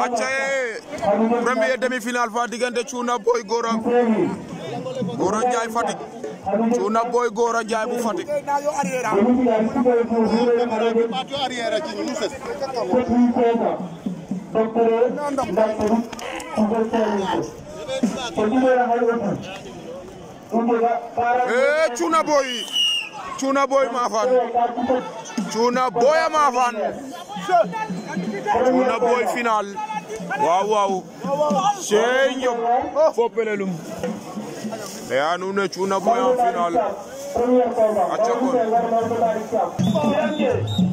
accaye premier demi-finale fa diggante Cuuna Boy Gora Gora Njaay Fatick Cuuna Boy Gora Njaay bu Fatick ee eh, Cuuna Boy Chuna boy mafan. Chuna boy mafan. Chuna boy final. Wow, wow. Seen yop fopelelum. Mais ya are ne Chuna boy final.